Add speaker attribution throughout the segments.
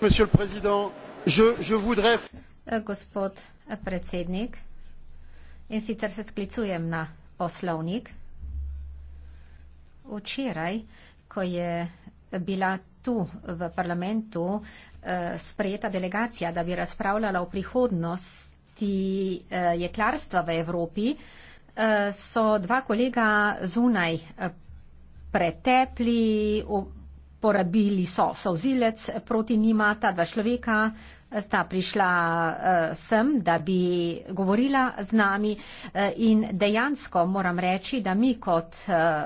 Speaker 1: monsieur le président je voudrais eh, gospod eh, predsednik in sicer se sklicujem na poslovnik včeraj ko je bila tu v parlamentu eh, sprejeta delegacija da bi razpravljala o prihodnosti jeklarstva v evropi Eh, so dva kolega zunaj eh, pretepli, porabili so sovzilec proti njima, ta dva človeka eh, sta prišla sem, da bi govorila z nami in dejansko moram reči, da mi kot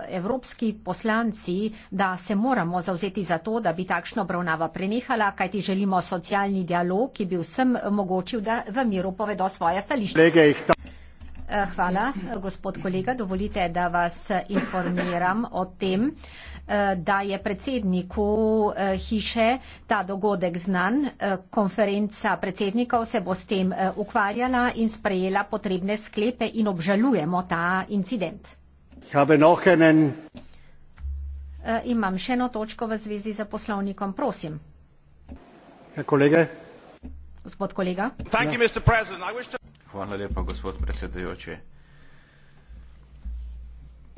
Speaker 1: evropski poslanci, da se moramo zauzeti za to, da bi takšna obravnava prenehala, kajti želimo socialni dialog, ki bi vsem omogočil, da v miru povedo svoje stališče. Eh, hvala, gospod kolega. Dovolite, da vas eh, informiram o tem, eh, da je predsedniku hiše ta dogodek znan. Konferenca predsednikov se bo s tem ukvarjala in sprejela potrebne sklepe in obžalujemo ta incident. Imam še eno točko v zvezi z poslovnikom, prosim. Kolege. Gospod kolega. Thank you, Mr. President. I wish to...
Speaker 2: Hvala lepa, gospod predsedujoči.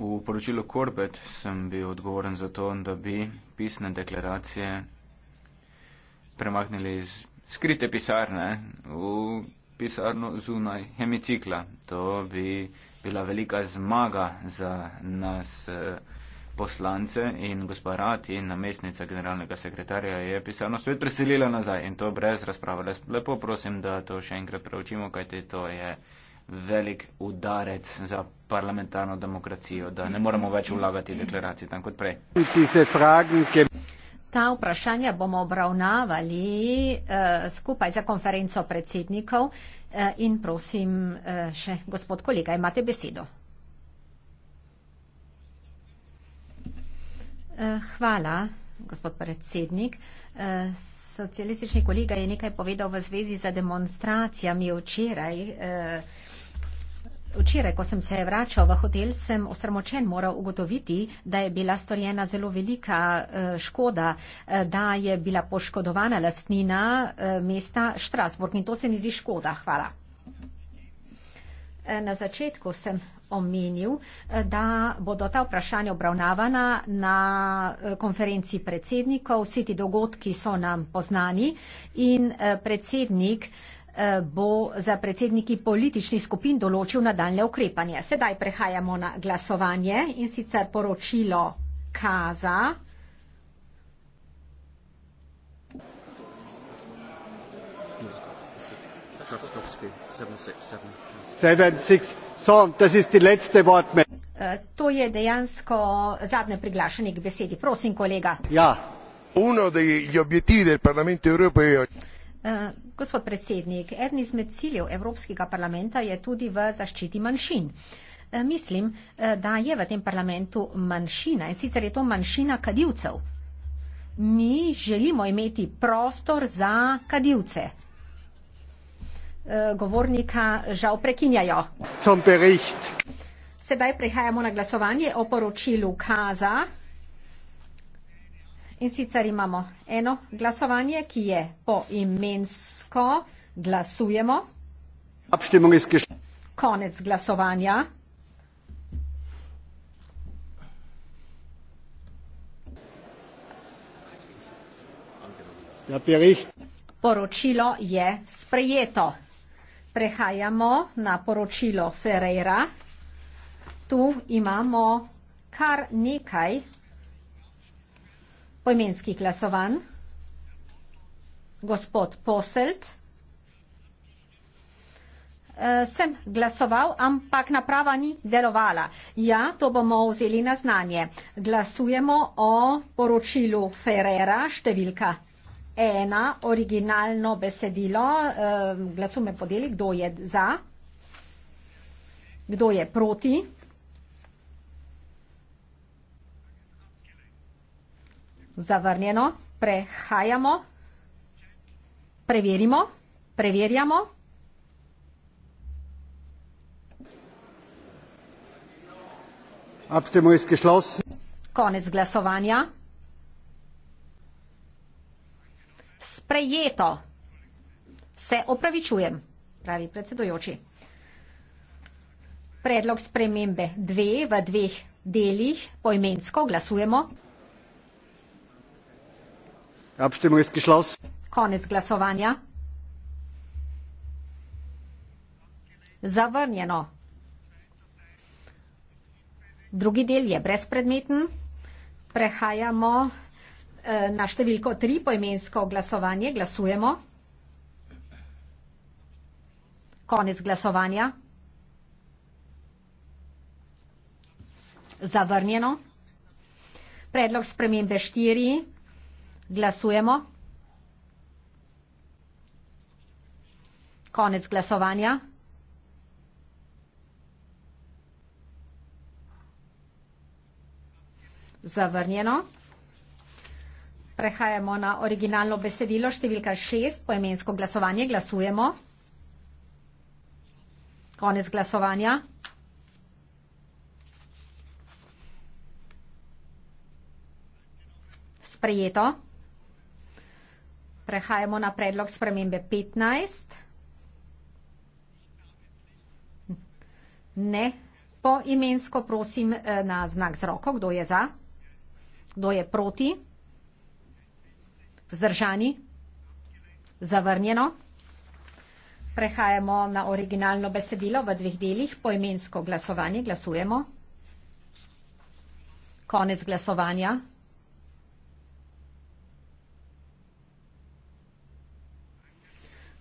Speaker 2: V poročilu Korbet sem bil odgovoren za to, da bi pisne deklaracije premaknili iz skrite pisarne v pisarno zunaj hemicikla. To bi bila velika zmaga za nas. Eh, poslance in gospod Rat in namestnica generalnega sekretarja je pisarno svet preselila nazaj in to brez razprave. Lepo prosim, da to še enkrat preučimo, kajte to je velik udarec za parlamentarno demokracijo, da ne moremo več vlagati deklaracij tam kot prej.
Speaker 1: Ta vprašanja bomo obravnavali eh, skupaj za konferenco predsednikov eh, in prosim eh, še gospod kolega, imate besedo. Eh, hvala, gospod predsednik. Eh, socialistični kolega je nekaj povedal v zvezi za demonstracijami včeraj. Eh, včeraj, ko sem se vračal v hotel, sem osramočen moral ugotoviti, da je bila storjena zelo velika škoda, da je bila poškodovana lastnina mesta Štrasburg in to se mi zdi škoda. Hvala. Na začetku sem omenil, eh, da bodo ta vprašanja obravnavana na eh, konferenci predsednikov. Vsi ti dogodki so nam poznani in eh, predsednik bo za predsedniki političnih skupin določil nadaljne ukrepanje. Sedaj prehajamo na glasovanje in sicer poročilo Kaza. 767. Eh, to je dejansko zadnje priglašenje k besedi. Prosim, kolega. Ja. Uno degli obiettivi del Parlamento europeo. Eh, gospod predsednik, eden izmed ciljev Evropskega parlamenta je tudi v zaščiti manjšin. Eh, mislim, da je v tem parlamentu manjšina in sicer je to manjšina kadilcev. Mi želimo imeti prostor za kadilce. Eh, govornika žal prekinjajo. Sedaj prihajamo na glasovanje o poročilu Kaza. In sicer imamo eno glasovanje, ki je poimensko glasujemo. Konec glasovanja. Poročilo je sprejeto. Prehajamo na poročilo Ferreira. Tu imamo kar nekaj poimenskih glasovanj. Gospod Poselt. E, sem glasoval, ampak naprava ni delovala. Ja, to bomo vzeli na znanje. Glasujemo o poročilu Ferreira številka ena, originalno besedilo, eh, glasu me podeli, kdo je za, kdo je proti. Zavrnjeno, prehajamo, preverimo, preverjamo. Konec glasovanja. sprejeto. Se opravičujem, pravi predsedujoči. Predlog spremembe dve v dveh delih poimensko glasujemo. Konec glasovanja. Zavrnjeno. Drugi del je brezpredmeten. Prehajamo Eh, na številko tri poimensko glasovanje. Glasujemo. Konec glasovanja. Zavrnjeno. Predlog spremembe štiri. Glasujemo. Konec glasovanja. Zavrnjeno. Prehajamo na originalno besedilo številka šest, poemensko glasovanje. Glasujemo. Konec glasovanja. Sprejeto. Prehajamo na predlog spremembe 15. Ne. Po imensko prosim eh, na znak z roko, kdo je za, kdo je proti. Vzdržani? Zavrnjeno. Prehajamo na originalno besedilo v dveh delih. Poimensko glasovanje glasujemo. Konec glasovanja.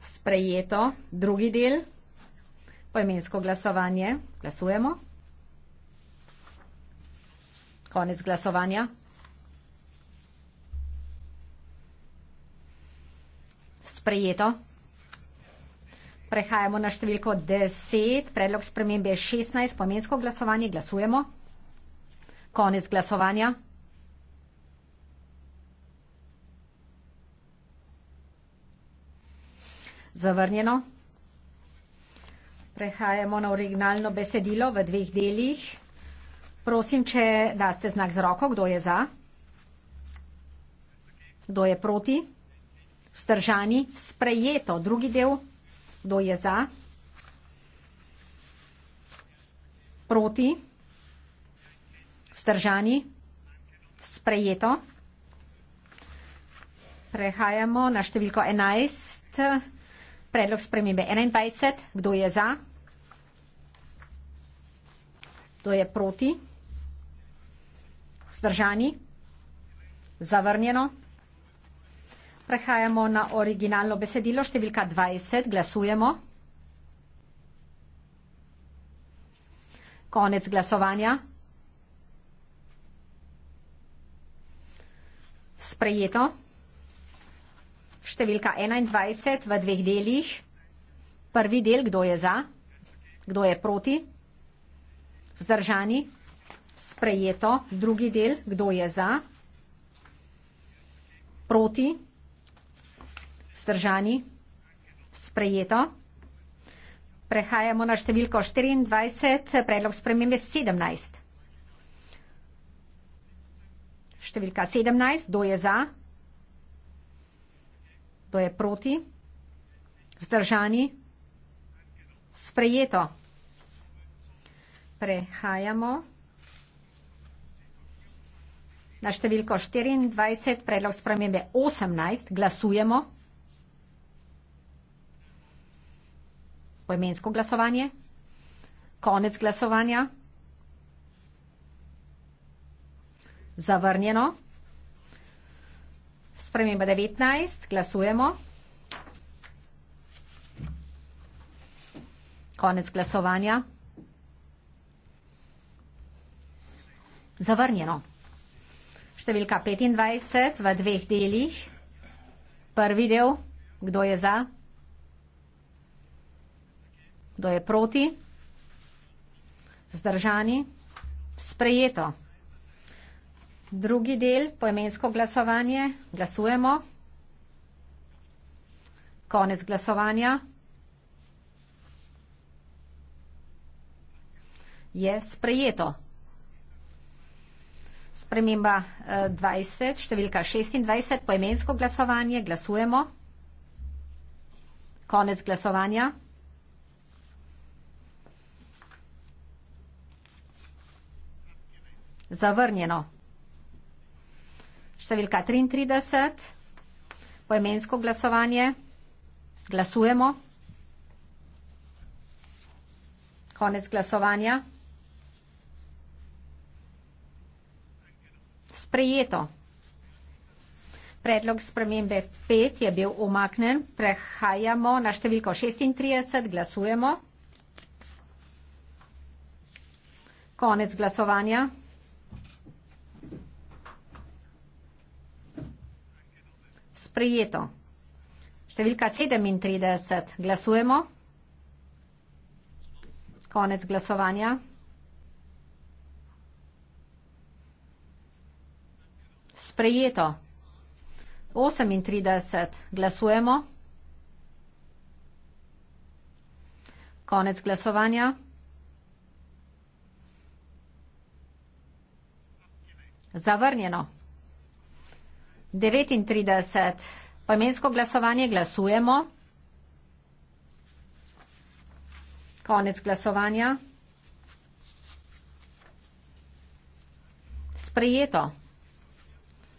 Speaker 1: Sprejeto. Drugi del. Poimensko glasovanje glasujemo. Konec glasovanja. sprejeto. Prehajamo na številko 10, predlog spremembe 16, pomensko glasovanje, glasujemo. Konec glasovanja. Zavrnjeno. Prehajamo na originalno besedilo v dveh delih. Prosim, če daste znak z roko, kdo je za, kdo je proti. Vzdržani, sprejeto. Drugi del, kdo je za? Proti. Vzdržani, sprejeto. Prehajamo na številko 11. Predlog spremembe 21. Kdo je za? Kdo je proti? Vzdržani, zavrnjeno. Prehajamo na originalno besedilo številka 20. Glasujemo. Konec glasovanja. Sprejeto. Številka 21 v dveh delih. Prvi del, kdo je za, kdo je proti. Vzdržani. Sprejeto. Drugi del, kdo je za, proti vzdržani, sprejeto. Prehajamo na številko 24, predlog sprememb je 17. Številka 17, kdo je za, kdo je proti, vzdržani, sprejeto. Prehajamo na številko 24, predlog spremembe 18, glasujemo. poimensko glasovanje, konec glasovanja, zavrnjeno, sprememba 19, glasujemo, konec glasovanja, zavrnjeno. Številka 25 v dveh delih. Prvi del, kdo je za? Kdo je proti? Zdržani? Sprejeto. Drugi del, poemensko glasovanje. Glasujemo. Konec glasovanja. Je sprejeto. Sprememba 20, eh, številka 26, poemensko glasovanje. Glasujemo. Konec glasovanja. zavrnjeno. Številka 33, poemensko glasovanje, glasujemo. Konec glasovanja. Sprejeto. Predlog spremembe 5 je bil umaknen. Prehajamo na številko 36, glasujemo. Konec glasovanja. sprejeto. Številka 37. Glasujemo. Konec glasovanja. Sprejeto. 38. Glasujemo. Konec glasovanja. Zavrnjeno. 39. Poimensko glasovanje glasujemo. Konec glasovanja. Sprejeto.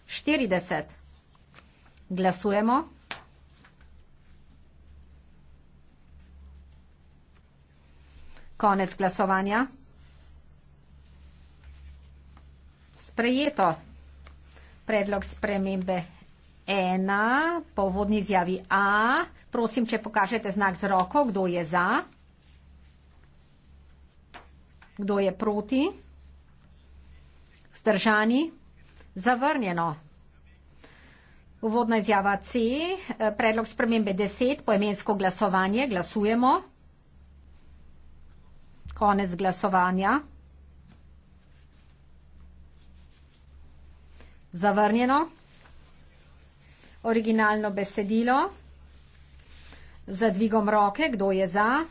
Speaker 1: 40. Glasujemo. Konec glasovanja. Sprejeto predlog spremembe ena, po vodni izjavi A. Prosim, če pokažete znak z roko, kdo je za, kdo je proti, vzdržani, zavrnjeno. Uvodna izjava C, predlog spremembe 10, poemensko glasovanje, glasujemo. Konec glasovanja. zavrnjeno. Originalno besedilo. Za dvigom roke, kdo je za,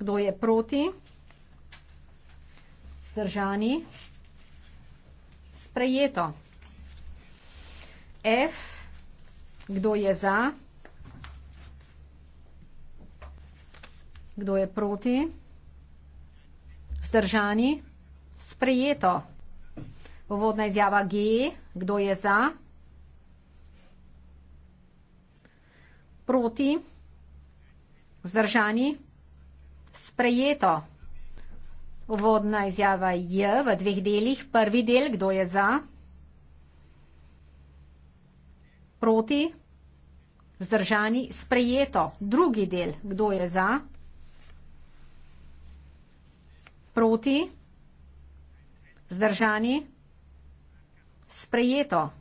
Speaker 1: kdo je proti, zdržani, sprejeto. F, kdo je za, kdo je proti, zdržani, sprejeto. Povodna izjava G. Kdo je za? Proti? Vzdržani? Sprejeto. Povodna izjava J v dveh delih. Prvi del, kdo je za? Proti? Vzdržani? Sprejeto. Drugi del, kdo je za? Proti? Vzdržani? Sprejeto sprejeto.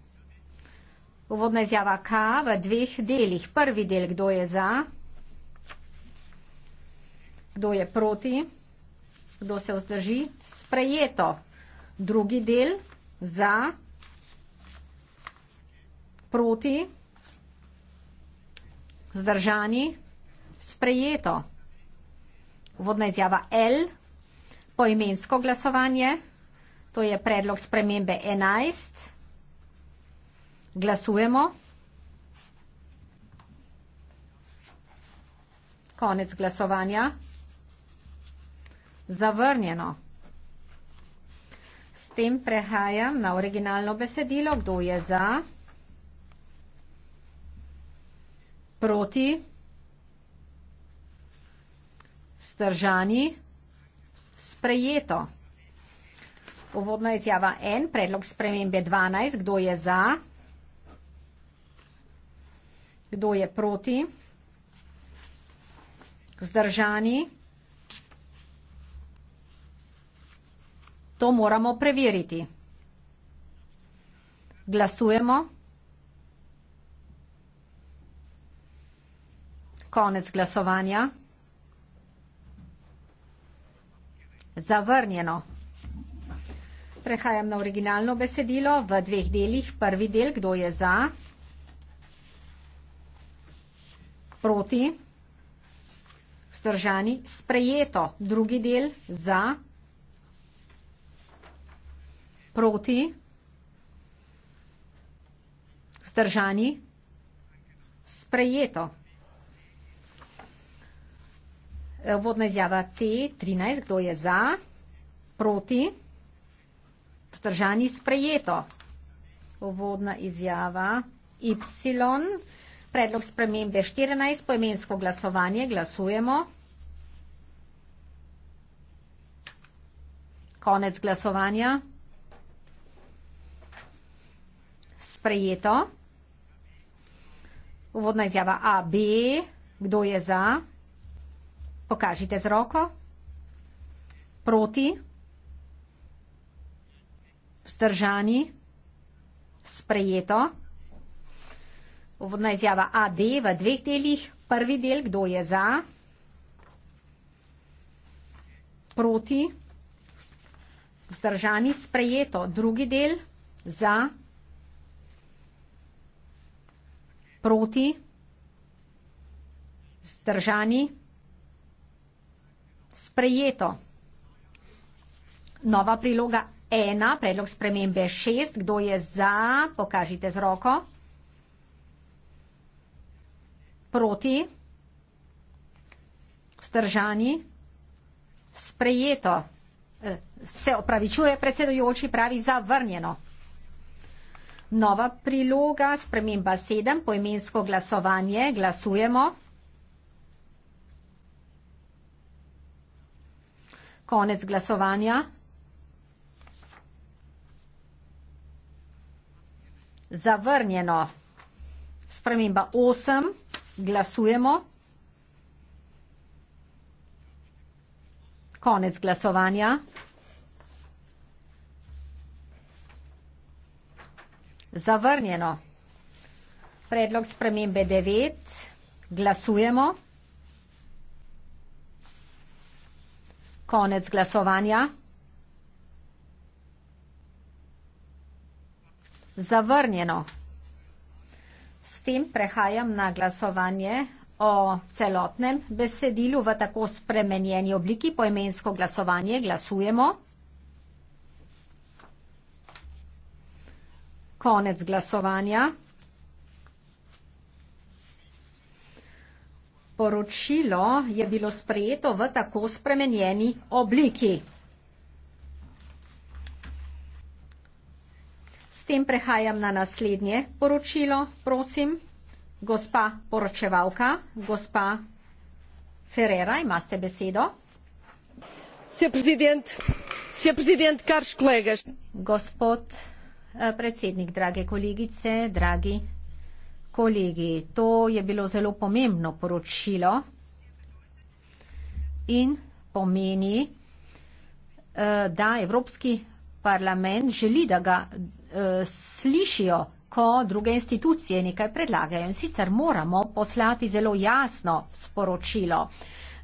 Speaker 1: Uvodna izjava K v dveh delih. Prvi del, kdo je za, kdo je proti, kdo se vzdrži, sprejeto. Drugi del, za, proti, vzdržani, sprejeto. Uvodna izjava L, poimensko glasovanje. To je predlog spremembe 11. Glasujemo. Konec glasovanja. Zavrnjeno. S tem prehajam na originalno besedilo. Kdo je za? Proti? Vzdržani? Sprejeto. Uvodna izjava en, predlog spremembe dvanajst, kdo je za? Kdo je proti? Zdržani? To moramo preveriti. Glasujemo. Konec glasovanja. Zavrnjeno. Prehajam na originalno besedilo v dveh delih. Prvi del, kdo je za, proti, vzdržani, sprejeto. Drugi del, za, proti, vzdržani, sprejeto. Vodna izjava T13, kdo je za, proti, vzdržani. Stržani sprejeto. Uvodna izjava Y. Predlog spremembe 14. Poemensko glasovanje. Glasujemo. Konec glasovanja. Sprejeto. Uvodna izjava A, B. Kdo je za? Pokažite z roko. Proti. Proti vzdržani, sprejeto. Uvodna izjava AD v dveh delih. Prvi del, kdo je za, proti, vzdržani, sprejeto. Drugi del, za, proti, vzdržani, sprejeto. Nova priloga ena, predlog spremembe šest. Kdo je za? Pokažite z roko. Proti? Vzdržani? Sprejeto? Eh, se opravičuje predsedujoči pravi zavrnjeno. Nova priloga, sprememba sedem, poimensko glasovanje. Glasujemo. Konec glasovanja. zavrnjeno. Sprememba 8, glasujemo. Konec glasovanja. Zavrnjeno. Predlog spremembe 9, glasujemo. Konec glasovanja. zavrnjeno. S tem prehajam na glasovanje o celotnem besedilu v tako spremenjeni obliki poimensko glasovanje. Glasujemo. Konec glasovanja. Poročilo je bilo sprejeto v tako spremenjeni obliki. S tem prehajam na naslednje poročilo, prosim. Gospa poročevalka, gospa Ferrera, imate besedo. Sr. prezident, sr. prezident, karš kolega. Gospod eh, predsednik, drage kolegice, dragi kolegi, to je bilo zelo pomembno poročilo in pomeni, eh, da Evropski parlament želi, da ga Eh, slišijo, ko druge institucije nekaj predlagajo. In sicer moramo poslati zelo jasno sporočilo.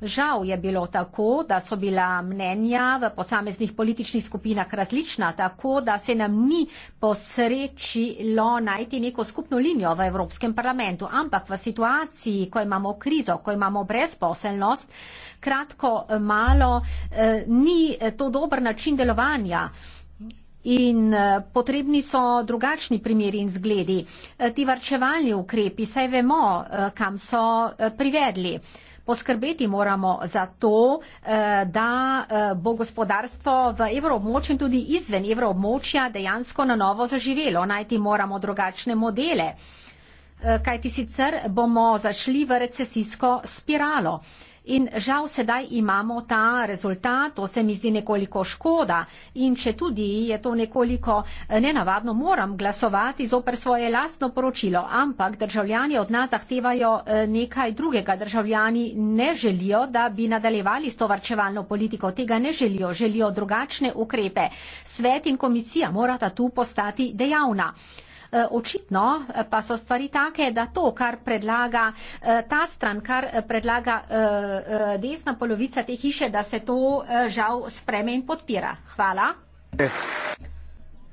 Speaker 1: Žal je bilo tako, da so bila mnenja v posameznih političnih skupinah različna, tako da se nam ni posrečilo najti neko skupno linijo v Evropskem parlamentu. Ampak v situaciji, ko imamo krizo, ko imamo brezposelnost, kratko, malo, eh, ni to dober način delovanja in eh, potrebni so drugačni primeri in zgledi. Eh, ti varčevalni ukrepi, saj vemo, eh, kam so privedli. Poskrbeti moramo za to, da bo gospodarstvo v evroobmočju in tudi izven evroobmočja dejansko na novo zaživelo. Najti moramo drugačne modele, kajti sicer bomo zašli v recesijsko spiralo in žal sedaj imamo ta rezultat, to se mi zdi nekoliko škoda in če tudi je to nekoliko eh, nenavadno, moram glasovati zoper svoje lastno poročilo, ampak državljani od nas zahtevajo eh, nekaj drugega. Državljani ne želijo, da bi nadaljevali s to varčevalno politiko, tega ne želijo, želijo drugačne ukrepe. Svet in komisija morata tu postati dejavna. Eh, očitno eh, pa so stvari take, da to, kar predlaga eh, ta stran, kar predlaga desna polovica te hiše, da se to žal spreme in podpira. Hvala.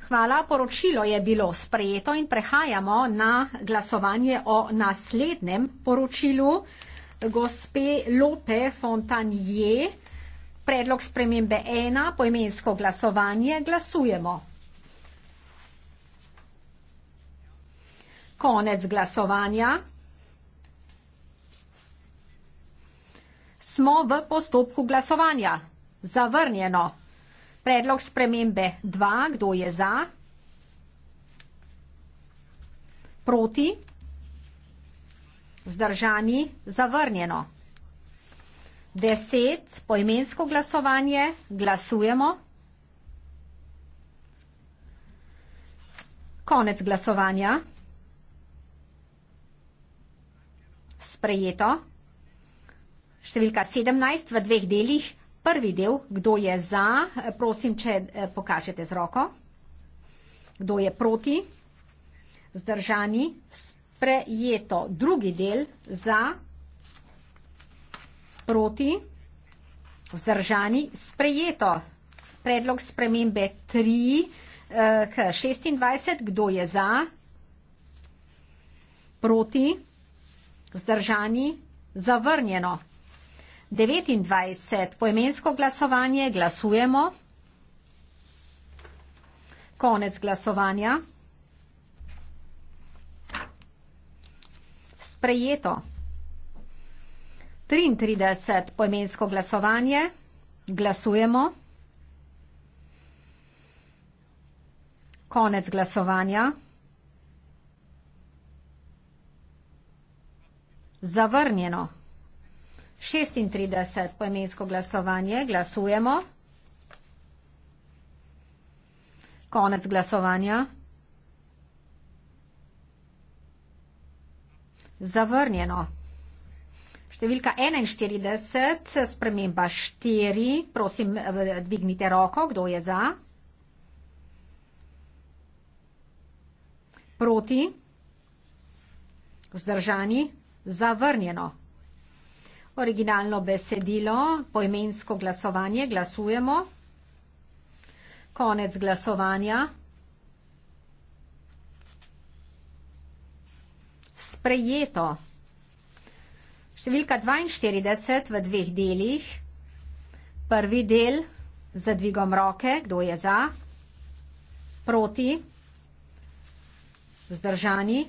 Speaker 1: Hvala, poročilo je bilo sprejeto in prehajamo na glasovanje o naslednjem poročilu gospe Lope Fontanje. Predlog spremembe 1, poimensko glasovanje, glasujemo. konec glasovanja. Smo v postopku glasovanja. Zavrnjeno. Predlog spremembe 2. Kdo je za? Proti? Vzdržani? Zavrnjeno. 10. Poimensko glasovanje. Glasujemo. Konec glasovanja. sprejeto. Številka 17 v dveh delih. Prvi del, kdo je za, prosim, če eh, pokažete z roko. Kdo je proti, zdržani, sprejeto. Drugi del za, proti, zdržani, sprejeto. Predlog spremembe 3 eh, k 26, kdo je za, proti, zdržani vzdržani, zavrnjeno. 29. Poemensko glasovanje glasujemo. Konec glasovanja. Sprejeto. 33. Poemensko glasovanje glasujemo. Konec glasovanja. Zavrnjeno. 36 poemensko glasovanje. Glasujemo. Konec glasovanja. Zavrnjeno. Številka 41, sprememba 4. Prosim, eh, dvignite roko, kdo je za. Proti. Zdržani zavrnjeno. Originalno besedilo, poimensko glasovanje, glasujemo. Konec glasovanja. Sprejeto. Številka 42 v dveh delih. Prvi del z dvigom roke, kdo je za, proti, zdržani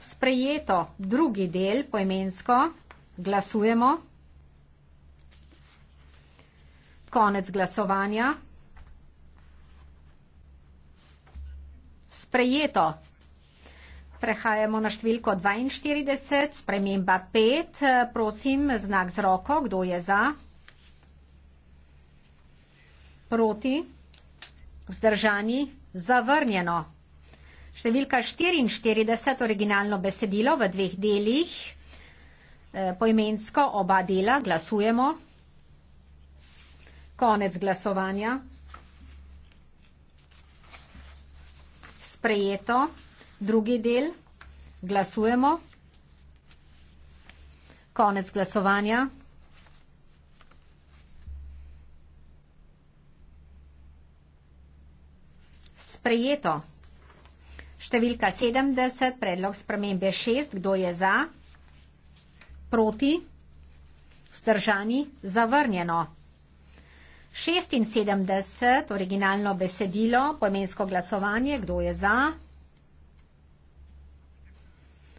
Speaker 1: sprejeto drugi del poimensko, glasujemo. Konec glasovanja. Sprejeto. Prehajamo na številko 42, sprememba 5. Prosim, znak z roko, kdo je za? Proti? Vzdržani? Zavrnjeno. Številka 44, originalno besedilo v dveh delih, e, poimensko oba dela, glasujemo. Konec glasovanja. Sprejeto, drugi del, glasujemo. Konec glasovanja. Sprejeto. Številka 70, predlog spremembe 6, kdo je za, proti, vzdržani, zavrnjeno. 76, originalno besedilo, pojmensko glasovanje, kdo je za,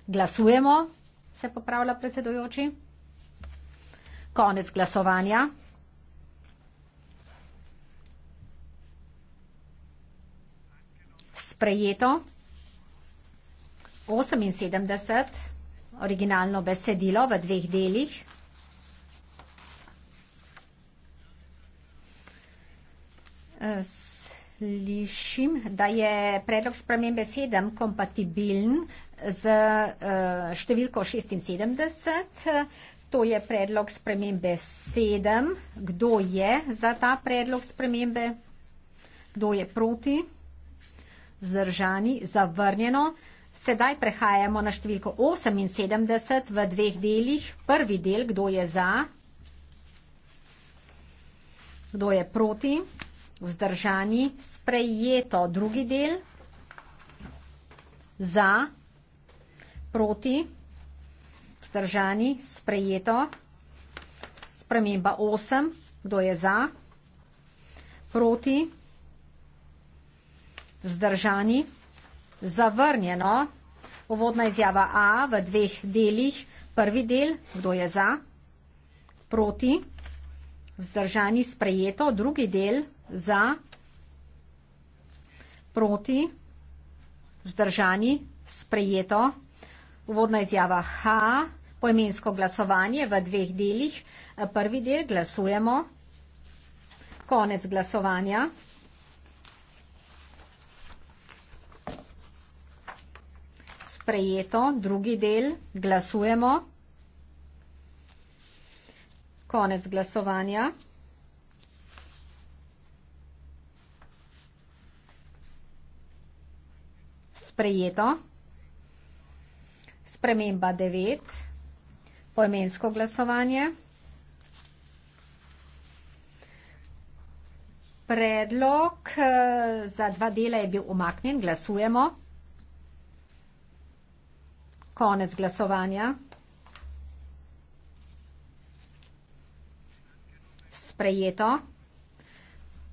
Speaker 1: glasujemo, se popravlja predsedojoči, konec glasovanja. Sprejeto. 78, originalno besedilo v dveh delih. E, slišim, da je predlog spremembe 7 kompatibilen z e, številko 76. To je predlog spremembe 7. Kdo je za ta predlog spremembe? Kdo je proti? Zdržani? Zavrnjeno? Zavrnjeno? Sedaj prehajamo na številko 78 v dveh delih. Prvi del, kdo je za, kdo je proti, vzdržani, sprejeto. Drugi del, za, proti, vzdržani, sprejeto. Sprememba 8, kdo je za, proti, vzdržani, sprejeto zavrnjeno. Uvodna izjava A v dveh delih. Prvi del, kdo je za, proti, vzdržani sprejeto. Drugi del, za, proti, vzdržani sprejeto. Uvodna izjava H, poimensko glasovanje v dveh delih. Prvi del glasujemo. Konec glasovanja. sprejeto, drugi del, glasujemo. Konec glasovanja. Sprejeto. Sprememba 9. Poimensko glasovanje. Predlog eh, za dva dela je bil umaknjen. Glasujemo konec glasovanja. Sprejeto.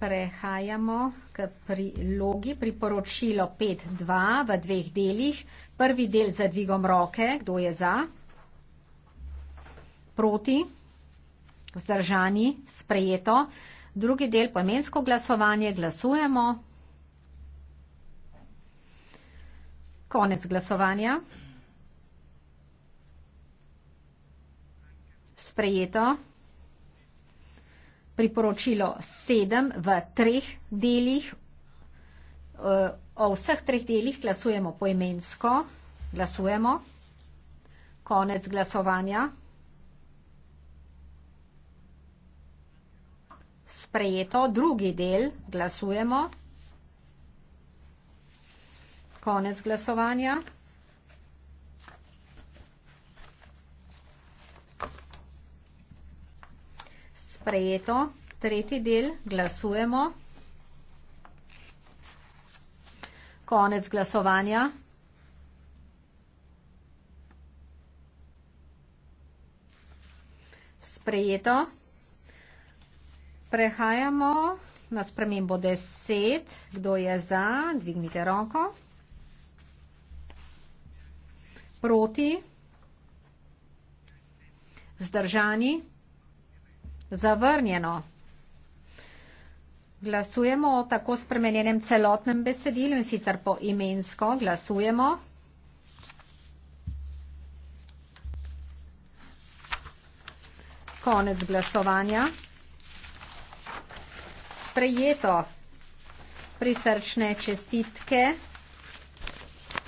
Speaker 1: Prehajamo k prilogi priporočilo 5.2 v dveh delih. Prvi del za dvigom roke. Kdo je za? Proti? Zdržani? Sprejeto. Drugi del pomensko glasovanje. Glasujemo. Konec glasovanja. sprejeto priporočilo sedem v treh delih. Eh, o vseh treh delih glasujemo poimensko. Glasujemo. Konec glasovanja. Sprejeto. Drugi del. Glasujemo. Konec glasovanja. sprejeto. Tretji del, glasujemo. Konec glasovanja. Sprejeto. Prehajamo na spremembo 10. Kdo je za? Dvignite roko. Proti. Vzdržani. Vzdržani. Zavrnjeno. Glasujemo o tako spremenjenem celotnem besedilu in sicer po imensko. Glasujemo. Konec glasovanja. Sprejeto prisrčne čestitke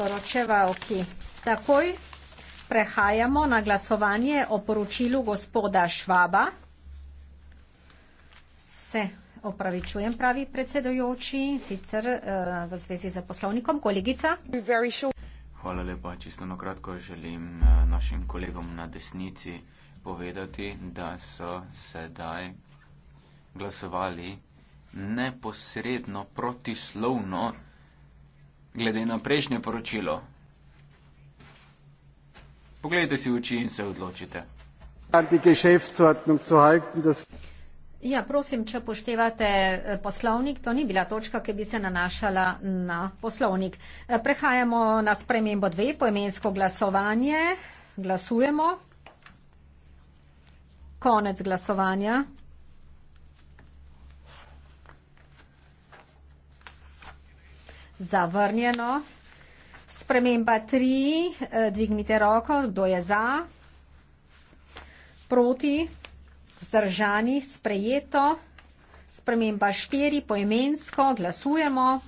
Speaker 1: poročevalki. Takoj prehajamo na glasovanje o poročilu gospoda Švaba se opravičujem, pravi predsedojoči, sicer eh, v zvezi z poslovnikom. Kolegica.
Speaker 2: Hvala lepa. Čisto na kratko želim eh, našim kolegom na desnici povedati, da so sedaj glasovali neposredno protislovno glede na prejšnje poročilo. Poglejte si v oči in se odločite.
Speaker 1: Antike šef, co atnum, co hajk, das... Ja, prosim, če poštevate eh, poslovnik, to ni bila točka, ki bi se nanašala na poslovnik. Eh, prehajamo na spremembo dve, poemensko glasovanje. Glasujemo. Konec glasovanja. Zavrnjeno. Sprememba tri, eh, dvignite roko, kdo je za. Proti. Proti. Vzdržani, sprejeto. Sprememba štiri, poimensko, glasujemo.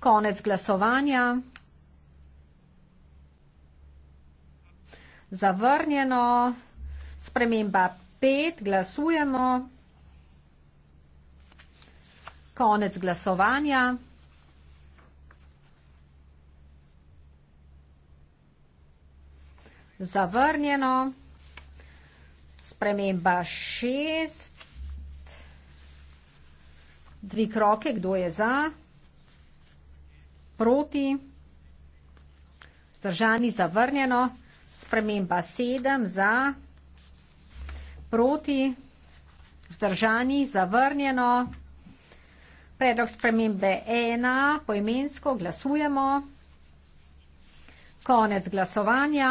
Speaker 1: Konec glasovanja. Zavrnjeno. Sprememba pet, glasujemo. Konec glasovanja. Zavrnjeno sprememba šest. Dvi kroke, kdo je za? Proti. Zdržani zavrnjeno. Sprememba sedem za. Proti. Vzdržani, zavrnjeno. Predlog spremembe ena, poimensko glasujemo. Konec glasovanja.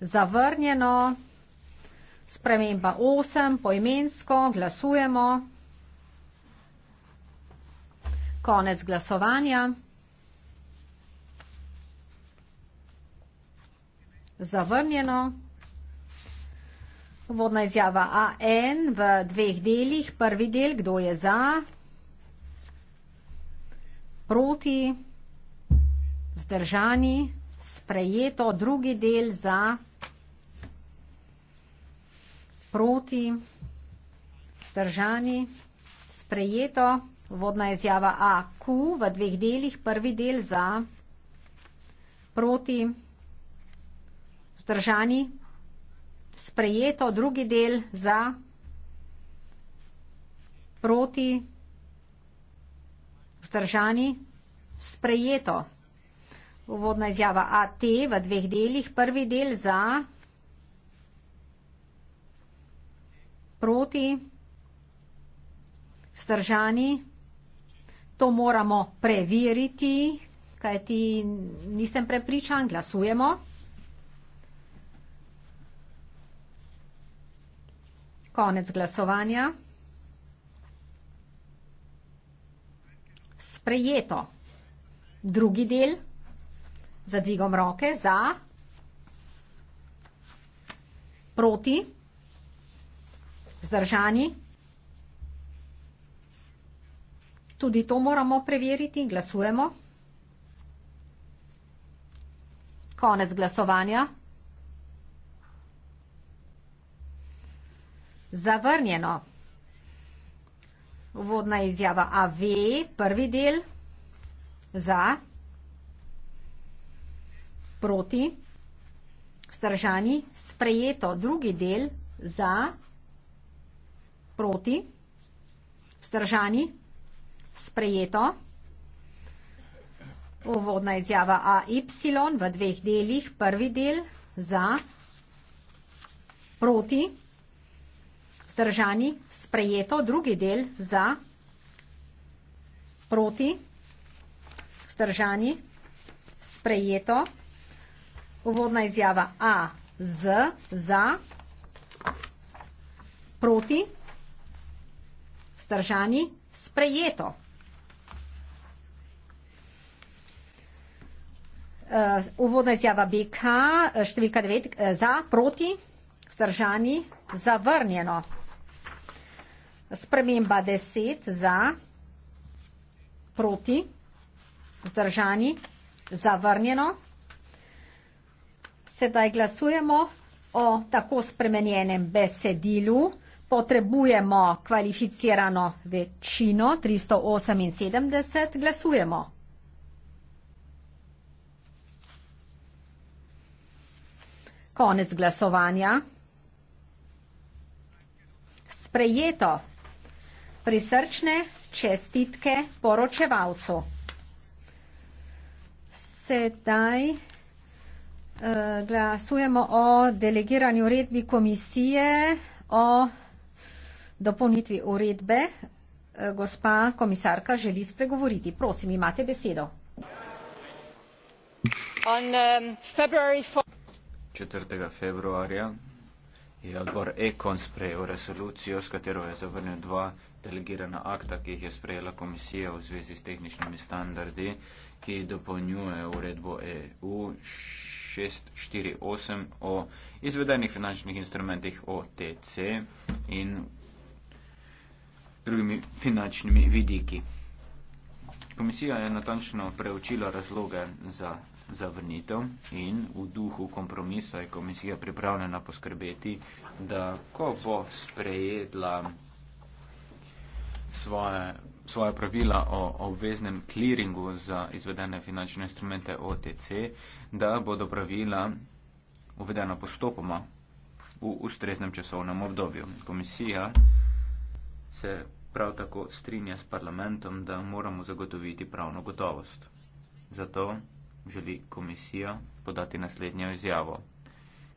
Speaker 1: zavrnjeno. Sprememba 8, poimensko, glasujemo. Konec glasovanja. Zavrnjeno. Vodna izjava AN v dveh delih. Prvi del, kdo je za? Proti? Vzdržani? Sprejeto? Drugi del za? proti, vzdržani, sprejeto. Vodna izjava AQ v dveh delih, prvi del za proti, vzdržani, sprejeto, drugi del za proti, vzdržani, sprejeto. Uvodna izjava AT v dveh delih, prvi del za proti, vzdržani, to moramo preveriti, kaj ti nisem prepričan, glasujemo. Konec glasovanja. Sprejeto. Drugi del. Zadvigom roke za. Proti vzdržani. Tudi to moramo preveriti. Glasujemo. Konec glasovanja. Zavrnjeno. Uvodna izjava AV, prvi del, za, proti, vzdržani, sprejeto, drugi del, za, proti proti, vzdržani, sprejeto. Uvodna izjava AY v dveh delih, prvi del za, proti, vzdržani, sprejeto, drugi del za, proti, vzdržani, sprejeto. Uvodna izjava AZ za, proti, vzdržani, sprejeto. Stržani, sprejeto. Uh, uvodna izjava BK, eh, številka 9, uh, eh, za, proti, vzdržani, zavrnjeno. Sprememba 10, za, proti, vzdržani, zavrnjeno. Sedaj glasujemo o tako spremenjenem besedilu. Potrebujemo kvalificirano večino 378, glasujemo. Konec glasovanja. Sprejeto. Prisrčne čestitke poročevalcu. Sedaj eh, glasujemo o delegiranju redbi komisije o dopolnitvi uredbe eh, gospa komisarka želi spregovoriti. Prosim, imate besedo. On, um, February
Speaker 2: 4. februarja je odbor ECON sprejel resolucijo, s katero je zavrnil dva delegirana akta, ki jih je sprejela komisija v zvezi s tehničnimi standardi, ki dopolnjuje uredbo EU 648 o izvedenih finančnih instrumentih OTC in drugimi finančnimi vidiki. Komisija je natančno preučila razloge za zavrnitev in v duhu kompromisa je komisija pripravljena poskrbeti, da ko bo sprejedla svoje, svoje pravila o obveznem kliringu za izvedene finančne instrumente OTC, da bodo pravila uvedena postopoma v ustreznem časovnem obdobju. Komisija se prav tako strinja s parlamentom, da moramo zagotoviti pravno gotovost. Zato želi komisija podati naslednjo izjavo.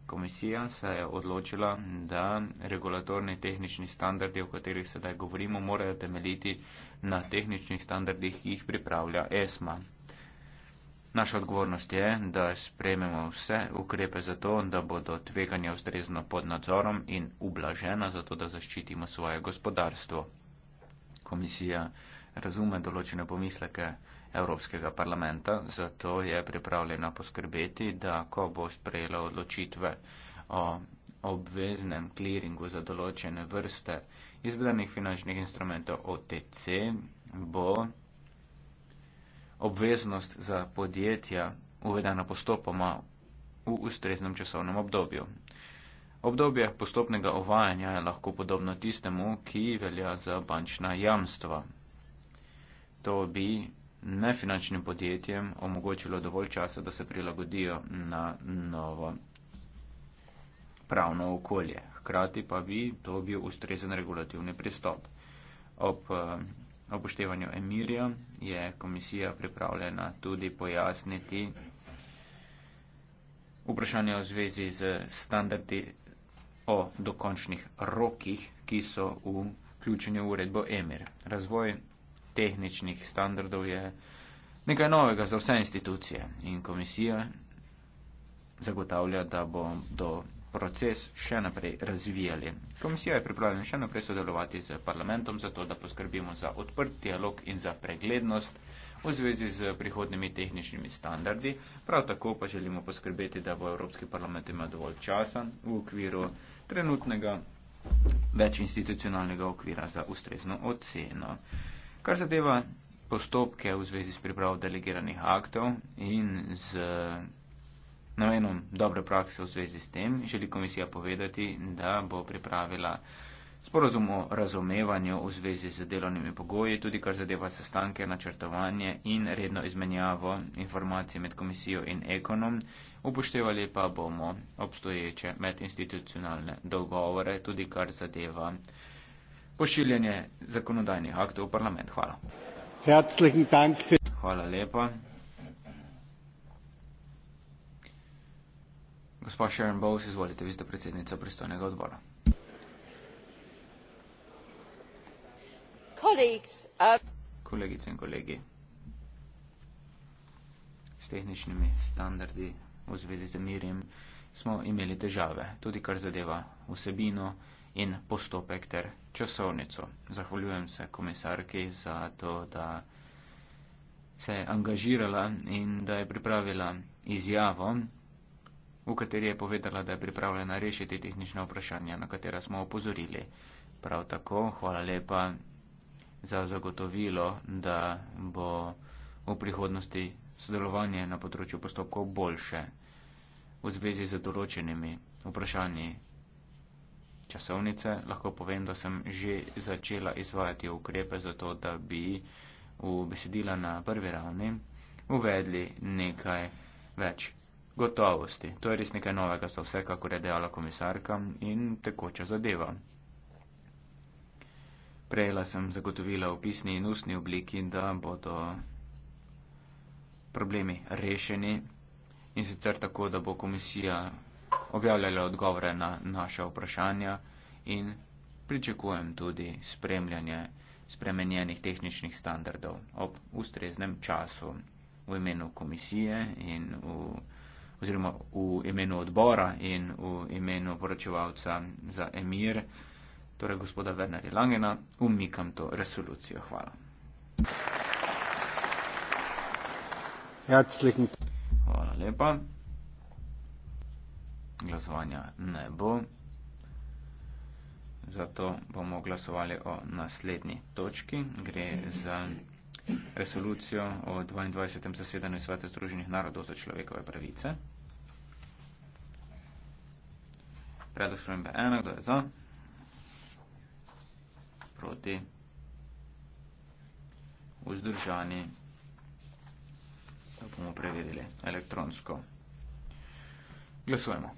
Speaker 2: Komisija se je odločila, da regulatorni tehnični standardi, o katerih sedaj govorimo, morajo temeljiti na tehničnih standardih, ki jih pripravlja ESMA. Naša odgovornost je, da sprejmemo vse ukrepe za to, da bodo tveganja ustrezno pod nadzorom in ublažena, zato da zaščitimo svoje gospodarstvo komisija razume določene pomisleke Evropskega parlamenta, zato je pripravljena poskrbeti, da ko bo sprejela odločitve o obveznem kliringu za določene vrste izbranih finančnih instrumentov OTC, bo obveznost za podjetja uvedena postopoma v ustreznem časovnem obdobju. Obdobje postopnega uvajanja je lahko podobno tistemu, ki velja za bančna jamstva. To bi nefinančnim podjetjem omogočilo dovolj časa, da se prilagodijo na novo pravno okolje. Hkrati pa bi to bil ustrezen regulativni pristop. Ob eh, opuštevanju emirja je komisija pripravljena tudi pojasniti vprašanje v zvezi z standardi o dokončnih rokih, ki so vključeni v uredbo EMIR. Razvoj tehničnih standardov je nekaj novega za vse institucije in komisija zagotavlja, da bo do proces še naprej razvijali. Komisija je pripravljena še naprej sodelovati z parlamentom, zato da poskrbimo za odprt dialog in za preglednost v zvezi z prihodnimi tehničnimi standardi. Prav tako pa želimo poskrbeti, da bo Evropski parlament imel dovolj časa v okviru trenutnega večinstitucionalnega okvira za ustrezno oceno. Kar zadeva postopke v zvezi s pripravo delegiranih aktov in z namenom dobre prakse v zvezi s tem, želi komisija povedati, da bo pripravila sporozum o razumevanju v zvezi z delovnimi pogoji, tudi kar zadeva sestanke, načrtovanje in redno izmenjavo informacij med komisijo in ekonom. Upoštevali pa bomo obstoječe medinstitucionalne dogovore, tudi kar zadeva pošiljanje zakonodajnih aktov v parlament. Hvala. Hvala lepa. Gospa Sharon Bowles, izvolite, vi ste predsednica pristojnega odbora.
Speaker 1: Uh,
Speaker 2: Kolegice in kolegi, s tehničnimi standardi v zvezi z mirjem smo imeli težave, tudi kar zadeva vsebino in postopek ter časovnico. Zahvaljujem se komisarki za to, da se je angažirala in da je pripravila izjavo, v kateri je povedala, da je pripravljena rešiti tehnične vprašanja, na katera smo opozorili. Prav tako, hvala lepa za zagotovilo, da bo v prihodnosti sodelovanje na področju postopkov boljše v zvezi z določenimi vprašanji časovnice. Lahko povem, da sem že začela izvajati ukrepe za to, da bi v besedila na prvi ravni uvedli nekaj več gotovosti. To je res nekaj novega, so vsekakor je dejala komisarka in tekoča zadeva. Prejela sem zagotovila v pisni in ustni obliki, da bodo problemi rešeni in sicer tako, da bo komisija objavljala odgovore na naše vprašanja in pričakujem tudi spremljanje spremenjenih tehničnih standardov ob ustreznem času v imenu komisije in v oziroma v imenu odbora in v imenu poročevalca za emir torej gospoda Wernerja Langena, umikam to resolucijo. Hvala. Hvala lepa. Glasovanja ne bo. Zato bomo glasovali o naslednji točki. Gre za resolucijo o 22. zasedanju Sveta Združenih narodov za človekove pravice. Predlog spremembe 1. Kdo je za? proti, vzdržani. To bomo preverili elektronsko. Glasujemo.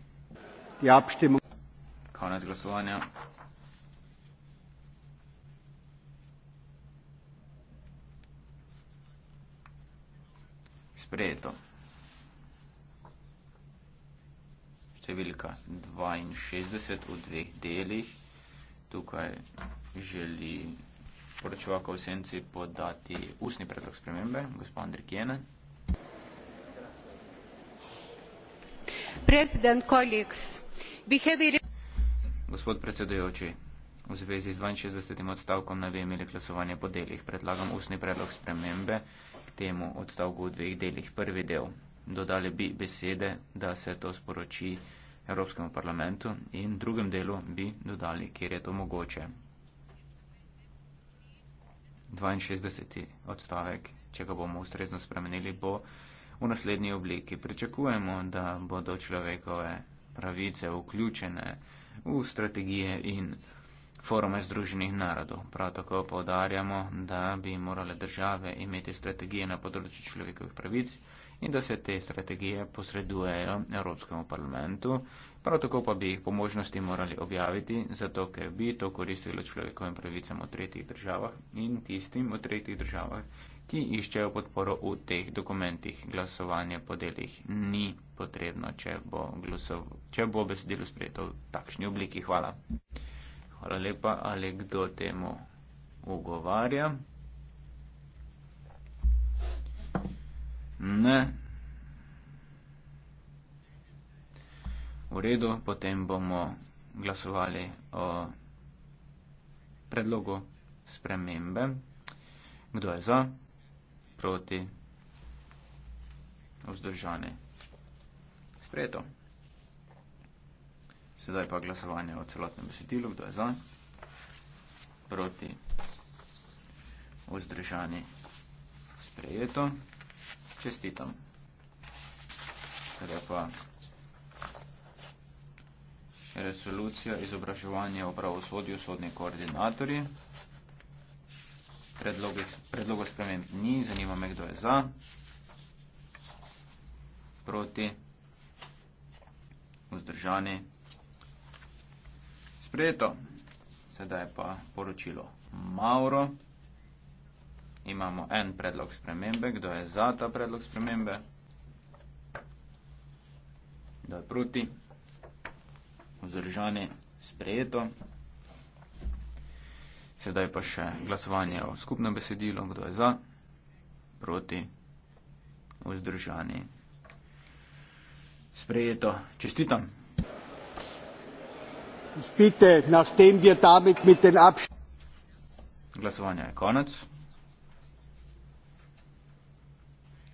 Speaker 2: Japštimo. Konec glasovanja. Sprejeto. Številka 62 v dveh delih. Tukaj želi poročevalka v senci podati ustni predlog spremembe, gospod Andrik Jene. Gospod predsedujoči, v zvezi z 62. odstavkom ne bi imeli glasovanje po delih. Predlagam ustni predlog spremembe k temu odstavku v dveh delih. Prvi del. Dodali bi besede, da se to sporoči Evropskemu parlamentu in v drugem delu bi dodali, kjer je to mogoče. 62. odstavek, če ga bomo ustrezno spremenili, bo v naslednji obliki. Pričakujemo, da bodo človekove pravice vključene v strategije in forume Združenih narodov. Prav tako povdarjamo, da bi morale države imeti strategije na področju človekovih pravic in da se te strategije posredujejo Evropskemu parlamentu. Prav tako pa bi jih po možnosti morali objaviti, zato ker bi to koristilo človekovim pravicam v tretjih državah in tistim v tretjih državah, ki iščejo podporo v teh dokumentih. Glasovanje po delih ni potrebno, če bo, glasov, če bo besedilo sprejeto v takšni obliki. Hvala. Hvala lepa, ali kdo temu ugovarja. Ne. V redu, potem bomo glasovali o predlogu spremembe. Kdo je za, proti, vzdržani. Sprejeto. Sedaj pa glasovanje o celotnem besedilu. Kdo je za, proti, vzdržani. Sprejeto. Čestitam. Repa. Resolucija izobraževanja o pravosodju sodni koordinatorji. Predlogo sprememb ni, zanima me, kdo je za. Proti. Vzdržani. Sprejeto. Sedaj pa poročilo Mauro. Imamo en predlog spremembe. Kdo je za ta predlog spremembe? Kdo je proti? Vzdržanje sprejeto. Sedaj pa še glasovanje o skupnem besedilu. Kdo je za? Proti? Vzdržanje sprejeto. Čestitam.
Speaker 1: Bitte, nachdem wir damit mit den Abschluss.
Speaker 2: Glasovanje je konec.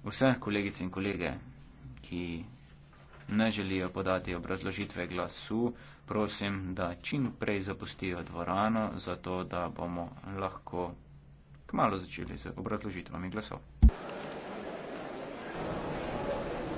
Speaker 2: vse kolegice in kolege, ki ne želijo podati obrazložitve glasu, prosim, da čim prej zapustijo dvorano, zato da bomo lahko kmalo začeli z obrazložitvami glasov. Thank you.